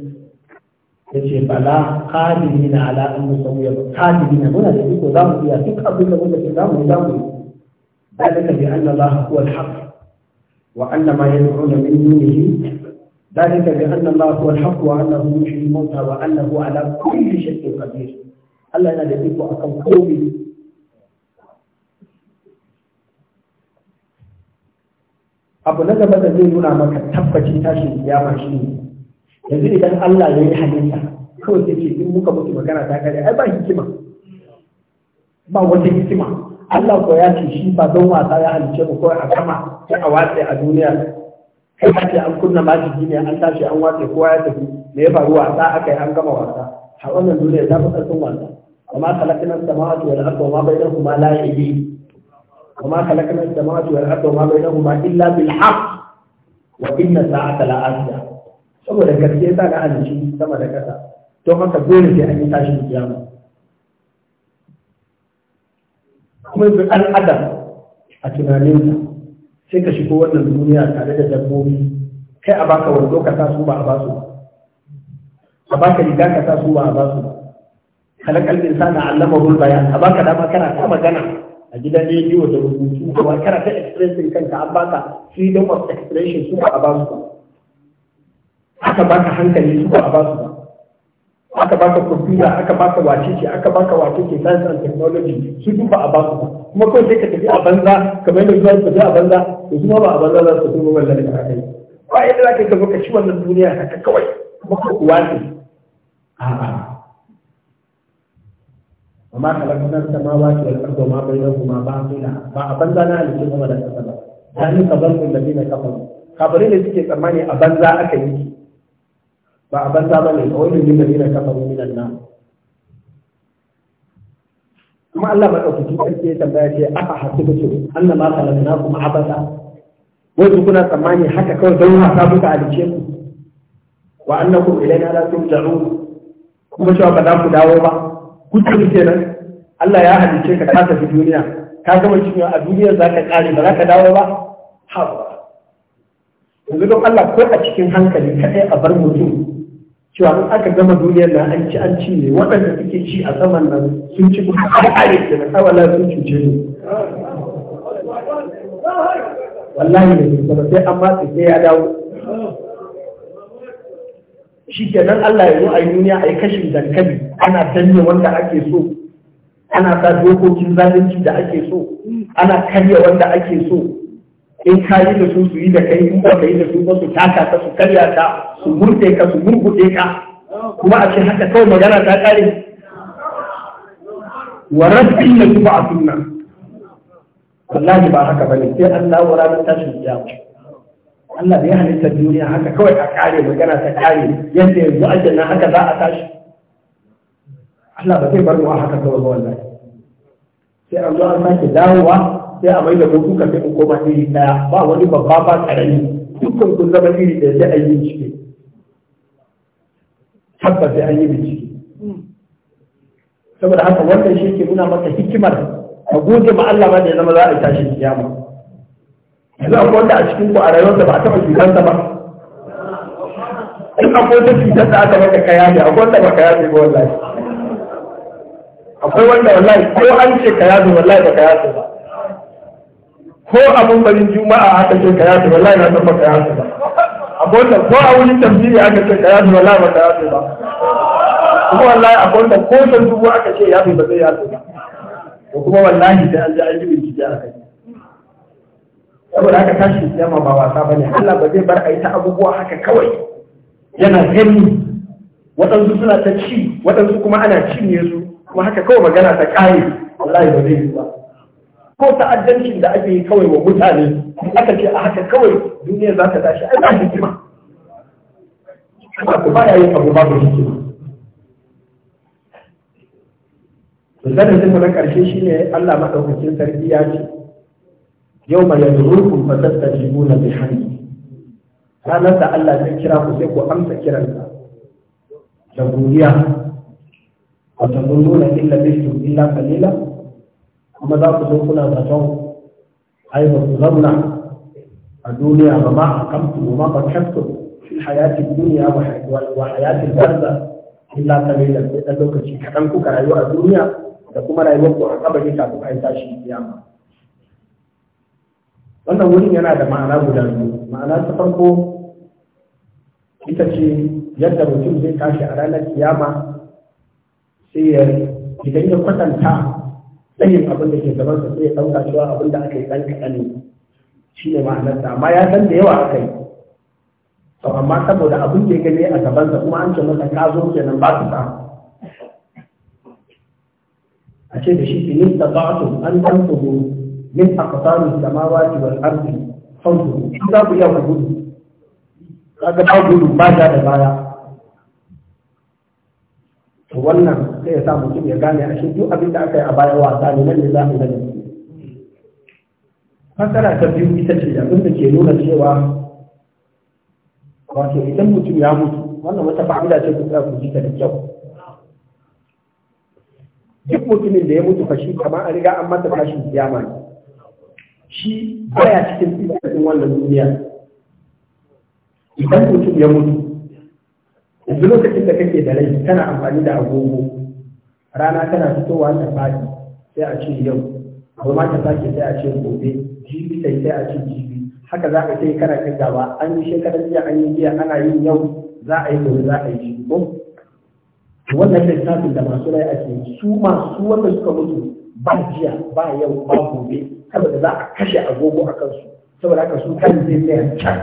Ya ce bala kadiri na ala musamman ya kadiri na muna da iko za mu iya duk abin da muka ce za mu yi za mu yi ذلك بأن الله هو الحق وأن ما يدعون من دونه ذلك بأن الله هو الحق وأنه يحيي الموتى وأنه على كل شيء قدير Allah yana da iko a kan komai. Abu na gaba da zai nuna maka tabbacin tashin kiyama shi ne, yanzu idan Allah ya yi halitta kawai sai ce in muka mutu magana ta kare ai ba hikima ba wata hikima Allah ko ya ce shi ba don wasa ya halice mu kawai a sama sai a watsa a duniya kai ake an kunna ma majigi ne an tashi an watsa kowa ya tafi me ya faru wasa aka yi an gama wasa a wannan duniya ta fi ƙarfin wasa amma kalakina samawati wal ardi wa ma bainahuma la yabi وما خلقنا السماوات والارض وما بينهما الا بالحق وان الساعه لاتيه saboda gaske sa ga alishi sama da ƙasa don haka dole sai an yi tashin kiyama kuma yanzu an adam a tunaninsa sai ka shigo wannan duniya tare da dabbobi kai a baka wando ka sa su ba a basu ba a baka riga ka sa su ba a basu ba halakal insana allamahu bayan a baka dama kana ta magana a gidan rediyo da rubutu kuma kana ta expressing kanka an baka freedom of expression su ba a basu ba aka baka hankali su ba a basu ba aka baka computer aka baka wace ce aka baka wace science and technology su duk ba a basu ba kuma kawai sai ka tafi a banza kamar yadda zuwa su a banza to su ma ba a banza za su zo wallahi da aka yi ba yadda za ka yi ka ci wannan duniya haka kawai kuma ka uwa ne a'a وما خلقنا السماوات ma bai da kuma ba Ba a banza na halittu kuma da ƙasa ba da ظن الذين كفروا kabarin da suke tsammani a banza aka yi ba a banza ba ne a wani lullu ne na kafaru minan na kuma Allah maɗaukaki sarki ke tambaya ce aka hasu kuce Allah ma kalabna kuma abada wai su kuna tsammani haka kawai don wasa muka alice ku wa annakum ilaina la turja'un kuma cewa ba za ku dawo ba ku ce kenan Allah ya halice ka ka tafi duniya ka gama ne a duniya za ka kare ba za ka dawo ba ha yanzu don Allah ko a cikin hankali kaɗai a bar mutum cewa in aka gama duniyar nan an ci an ci ne waɗanda suke ci a saman nan sun ci kuma har are da na tsawala sun cuce ne wallahi da sun sama sai an matsa sai ya dawo shi ke nan Allah ya zo a yi duniya a yi kashin dankali ana danne wanda ake so ana sa dokokin zalunci da ake so ana karya wanda ake so in ka yi da su su yi da kai in ba ka yi da su ba su taka ka su karya ka su murte ka su murkuɗe ka kuma a ce haka kawai magana ta kare wa rabbi la tuba sunna wallahi ba haka bane sai Allah wa ranar tashin kiyama Allah bai halitta duniya haka kawai ta kare magana ta kare yadda yanzu aljanna haka za a tashi Allah ba zai bar mu haka kawai ba wallahi sai an zo an sake dawowa sai a maida ko duka sai in koma iri daya ba wani babba ba karami dukkan kun zama iri da sai an yi bincike tabbas sai an yi bincike saboda haka wannan shi ke nuna maka hikimar a goge ma Allah ma da ya zama za a tashi kiyama yanzu akwai wanda a cikin ku a rayuwarsa ba a taɓa cutarsa ba in akwai wata cutar da aka maka kaya ne akwai wanda ba kaya ne ba wallahi akwai wanda wallahi ko an ce kaya ne wallahi ba kaya ne ba ko abun barin juma'a aka ce ka yasu wallahi na san baka yasu ba abunda ko a wurin tafsiri aka ce ka yasu wallahi ka yasu ba kuma wallahi abunda ko san dubu aka ce yasu ba zai yasu ba ko kuma wallahi sai an ji an yi bincike a kai saboda haka tashi yamma ba wasa bane Allah ba zai bar a yi ta abubuwa haka kawai yana gani waɗansu suna ta ci waɗansu kuma ana cinye su kuma haka kawai magana ta kare wallahi ba zai yi ba ko ta'addancin da ake yi kawai wa mutane aka ce a haka kawai duniya za ta tashi ai ba hikima ku ba ya yin abu babu hikima misalin sifa na ƙarshe ne Allah maɗaukacin sarki ya ce yau mai yanzu fa tastajibuna bi hannu. ranar da Allah zai kira ku sai ku amsa kiransa da godiya wata mun nuna illa bisu illa kalila kuma za ku zo kuna zaton ai ku zauna a duniya ba ma a kamtu ba ma ba kamtu fi hayatin duniya wa hayatin barza illa kalilan sai ɗan lokaci kaɗan kuka rayu a duniya da kuma rayuwar ku a ne kafin yi tashi kiyama wannan wurin yana da ma'ana guda biyu ma'ana ta farko ita ce yadda mutum zai tashi a ranar kiyama sai ya idan ya kwatanta tsayin abin da ke gaban sa sai ya ɗauka cewa abin da aka yi ɗan kaɗan ne shi ne ma'anar sa amma ya san da yawa aka yi to amma saboda abin da ya gani a gaban sa kuma an ce masa ka zo kenan ba su samu a ce da shi ba su an tanfudu min aqtaris samawati wal su fanfudu za ku iya ku gudu ga ba gudu ba da baya to wannan sai ya sa mutum ya gane a shi duk abin da aka yi a baya wasa ne nan ne za mu gani fasara ta biyu ita ce abin da ke nuna cewa wato idan mutum ya mutu wannan wata fa'ida ce ku tsaya ku ji ta da kyau duk mutumin da ya mutu fa shi kamar an riga an masa tashin kiyama ne shi baya cikin tsibirin wannan duniya idan mutum ya mutu yanzu lokacin da kake da rai kana amfani da agogo rana tana fitowa ta fadi sai a ce yau abu ma ta sake sai a ce gobe jibi sai sai a ce jibi haka za ka sai kana kai gaba an yi shekarar jiya an yi jiya ana yin yau za a yi gobe za a yi jibi ko wannan littafin da masu rai ake su masu wanda suka mutu ba jiya ba yau ba gobe saboda za a kashe agogo a kansu saboda haka su kan zai tsaya can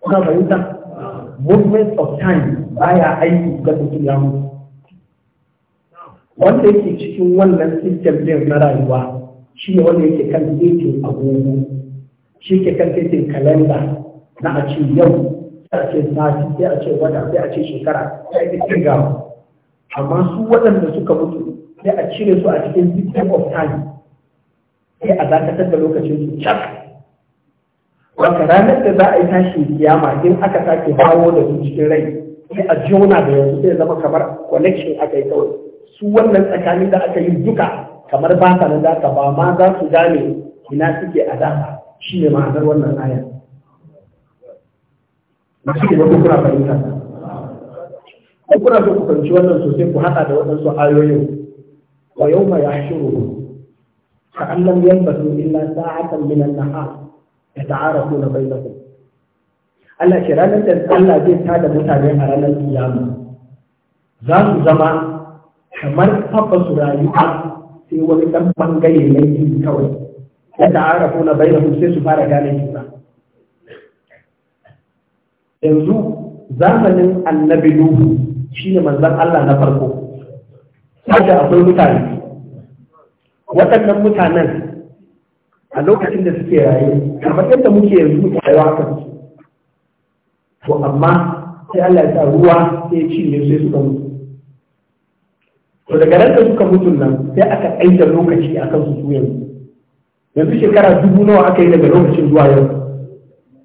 kuna fahimta movement of time baya aiki ga mutum ya mutu wanda yake cikin wannan system din na rayuwa shi ne wanda yake kan titin agogo shi ke kan titin kalenda na a ce yau sai a ce sati sai a ce wata sai a ce shekara sai a ce gawa amma su waɗanda suka mutu sai a cire su a cikin system of time sai a dakatar da lokacin su cak Wata ranar da za a yi tashi kiyama in aka sake bawo da su cikin rai sai a jona da yanzu zai zama kamar connection aka yi kawai su wannan tsakanin da aka yi duka kamar ba sa nan zaka ba ma za su gane ina suke a dafa, shi ne ma'anar wannan aya. shi ne wasu kuna fahimta. Ko kuna so ku fahimci wannan sosai ku haɗa da waɗansu ayoyin. Wa yau ma ya shiru. Ka'an lam yalbasu illa sa'atan min an-nahar ya ta'ara kuna bai na ku Allah ce ranar da Allah zai tada mutane a ranar kiyama za su zama kamar fafa su rayuwa sai wani ɗan bangare na yi kawai ya ta'ara kuna bai na ku sai su fara gane juna yanzu zamanin annabi Nuhu shine manzon Allah na farko saboda akwai mutane waɗannan mutanen a lokacin da suke raye kamar yadda muke yanzu rayuwa haka to amma sai Allah ya sa ruwa sai ya cinye sai suka mutu to daga nan da suka mutu nan sai aka aika lokaci a su yanzu yanzu shekara dubu nawa aka yi daga lokacin zuwa yau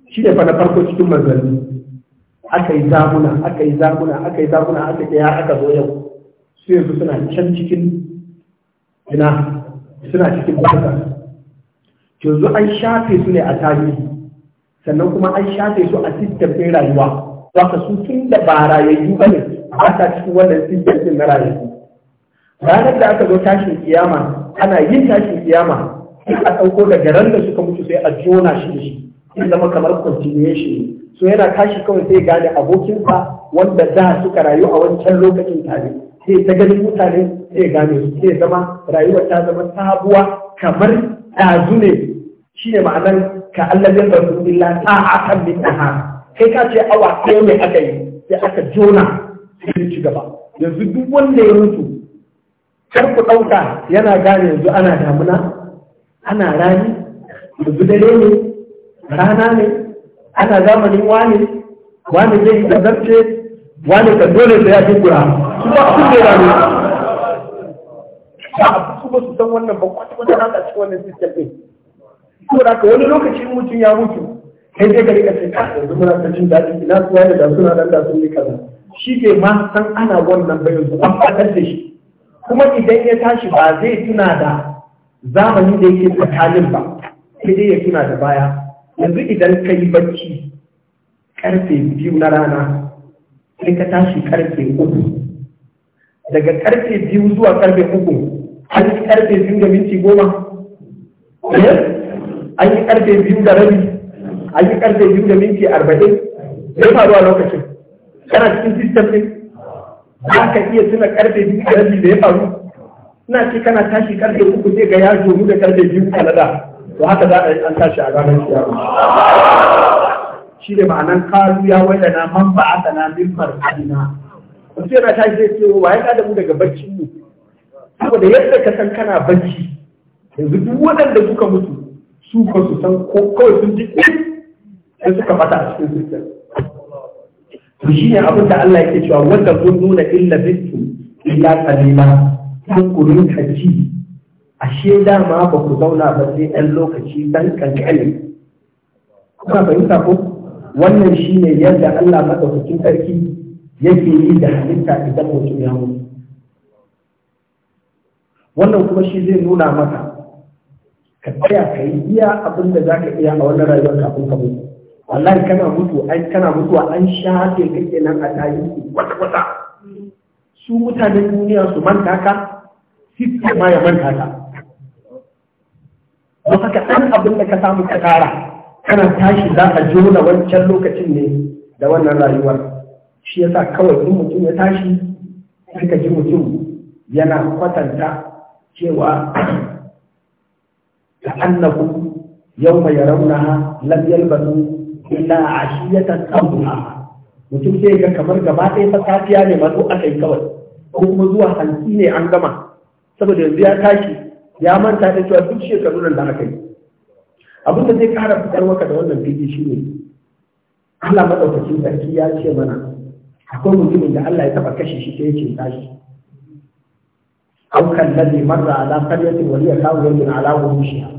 shi ne fa na farko cikin manzanni aka yi zamuna aka yi zamuna aka yi zamuna aka yi aka zo yau su yanzu suna can cikin ina suna cikin barka yanzu an shafe su ne a tarihi sannan kuma an shafe su a sittafin rayuwa ka su tun da ba rayayyu ba ne ba ta cikin wannan sittafin na rayayyu ranar da aka zo tashin kiyama ana yin tashin kiyama sai a ɗauko daga ran da suka mutu sai a jona shi da shi in zama kamar continuation so yana tashi kawai sai gane abokinsa wanda da suka rayu a wancan lokacin tare sai ta ganin mutane sai gane su sai zama rayuwa ta zama sabuwa kamar ɗazu ne shi ne ma'anar ka allabin rasulillah ta a kan bin kai ka ce awa ɗaya ne aka yi sai aka jona sai ci gaba yanzu duk wanda ya mutu kar ku ɗauka yana gane yanzu ana damuna ana rani yanzu dare ne rana ne ana zamanin wani wani zai kasance wani ka dole sai ya fi kura su ba su ne rani ba su ba su san wannan ba kwata-kwata na cikin wannan sistem ɗin saboda ka wani lokaci mutum ya mutu kai dai ka rika ka yanzu muna ta jin daɗi ina su yana da suna nan da sun yi kaza shi ke ma san ana wannan ba yanzu an faɗar da shi kuma idan ya tashi ba zai tuna da zamani da yake tsakanin ba sai dai ya tuna da baya yanzu idan ka yi bacci karfe biyu na rana sai ka tashi karfe uku daga karfe biyu zuwa karfe uku an karfe biyu da minti goma eh? an yi karfe biyu da rabi an yi karfe biyu da minti arba'in zai faru a lokacin kana cikin sistem ɗin za ka iya tuna karfe biyu da rabi da ya faru ina ce kana tashi karfe uku sai ga ya jomu da karfe biyu a nada to haka za a yi an tashi a ranar yaro shi ne ma'anan kalu ya na man a sana min farfadina wasu yana tashi zai ce wa ya da mu daga barcin mu saboda yadda ka san kana bacci yanzu duk waɗanda suka mutu su ko su san ko kawai sun ji sai suka fata a cikin sistem to shi ne abin da Allah yake cewa wanda kun nuna illa bitu illa kalima kun kurin kaci ashe dama ba ku zauna ba sai ɗan lokaci dan kankani kuma fahimta ko wannan shi ne yadda Allah madaukakin sarki yake yi da halitta idan mutum ya mutu wannan kuma shi zai nuna maka ka tsaya ka yi iya abin da za ka iya a wannan rayuwar kafin ka mutu wallahi kana mutu ai kana mutuwa an shafe kake nan a tayi wata wata su mutanen duniya su manta ka sistem ma ya manta ka ba haka ɗan abin da ka samu ka tara kana tashi za a jona wancan lokacin ne da wannan rayuwar shi yasa kawai in mutum ya tashi sai ka ji mutum yana kwatanta cewa كأنهم يوم يرونها لم يلبثوا إلا عشية أو ضحاها mutum sai ga kamar gaba ɗaya fa safiya ne ma zo aka yi kawai ko kuma zuwa hanki ne an gama saboda yanzu ya tashi ya manta da cewa duk shekaru nan da aka yi abin da zai kara fitar maka da wannan fili shi ne Allah madaukakin sarki ya ce mana akwai mutumin da Allah ya taɓa kashe shi sai ya ce tashi aw kan ladhi marra ala qaryatin wa hiya yankin ala urushiha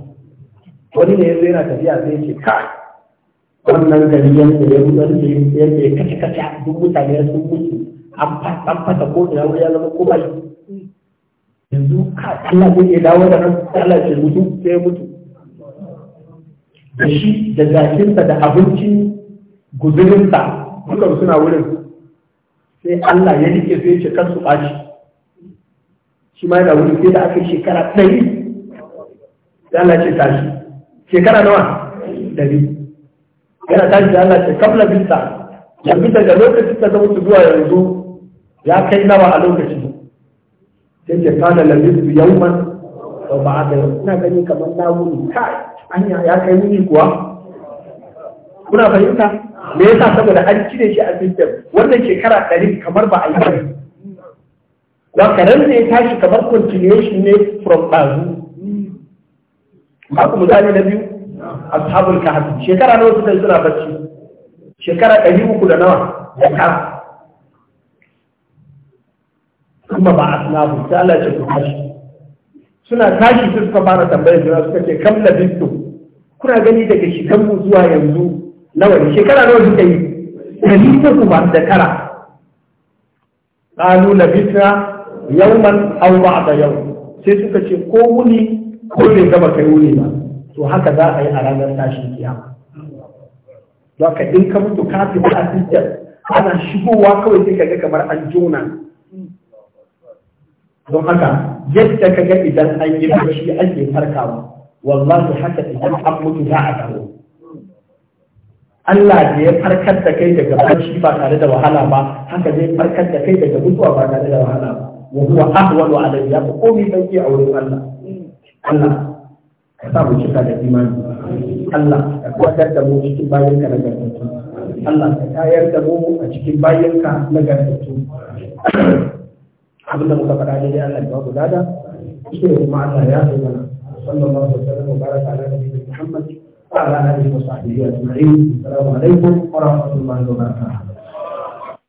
wani ne yanzu yana tafiya sai ce ka wannan gari yadda ya wuce yanzu ya kace kace duk mutane sun mutu an fata ko da wani ya zama komai yanzu ka Allah zai iya dawo da nan Allah ya mutu sai ya mutu da shi da zakinsa da abincin guzurinsa dukan suna wurin sai Allah ya rike sai ce kan su ɓaci shi ma yana wuri sai da aka shekara ɗari sai Allah ce tashi shekara nawa dari yana tashi da Allah ce kabla bisa yanzu daga lokacin da zama mutu zuwa yanzu ya kai nawa a lokacin sai ke kana yau man sau ba a da yau ina gani kamar na wuni kai ya kai wuni kuwa kuna fahimta me yasa saboda an cire shi a sistem wannan shekara ɗari kamar ba a yi ba don karen ya tashi kamar continuation ne from bazu Haka misali na biyu, ashabul kahf shekara nawa suka yi suna bacci shekara ɗari uku da nawa da kara kuma ba a asnabu sai Allah ce ku tashi suna tashi su suka fara tambayar juna suka ce kam na bisto kuna gani daga shigan mu zuwa yanzu nawa ne shekara nawa suka yi ɗari uku ba da kara Na qalu labitna yawman a da yau. sai suka ce ko wuni. ko me gaba kai wuni ba to haka za a yi a ranar tashin kiyama don ka in ka mutu kafin a tijjar ana shigowa kawai sai kaga kamar an jona don haka yadda kaga idan an yi bashi ake farkawa wallahi haka idan an mutu za a dawo Allah da ya farkar da kai daga bacci ba tare da wahala ba haka zai farkar da kai daga mutuwa ba tare da wahala ba wa huwa ahwalu alayya ko komai sauki a wurin Allah Allah ka sa mu cika da imani Allah ka kwatar da mu cikin bayanka na gargantu Allah ka tayar da mu a cikin bayanka ka na gargantu abinda muka faɗa ne dai Allah ya ba mu dada shi ne kuma Allah ya yi mana sallallahu alaihi wa sallam wa baraka ala nabiyyi Muhammad وعلى آله وصحبه أجمعين alaikum wa ورحمة wa barakatuh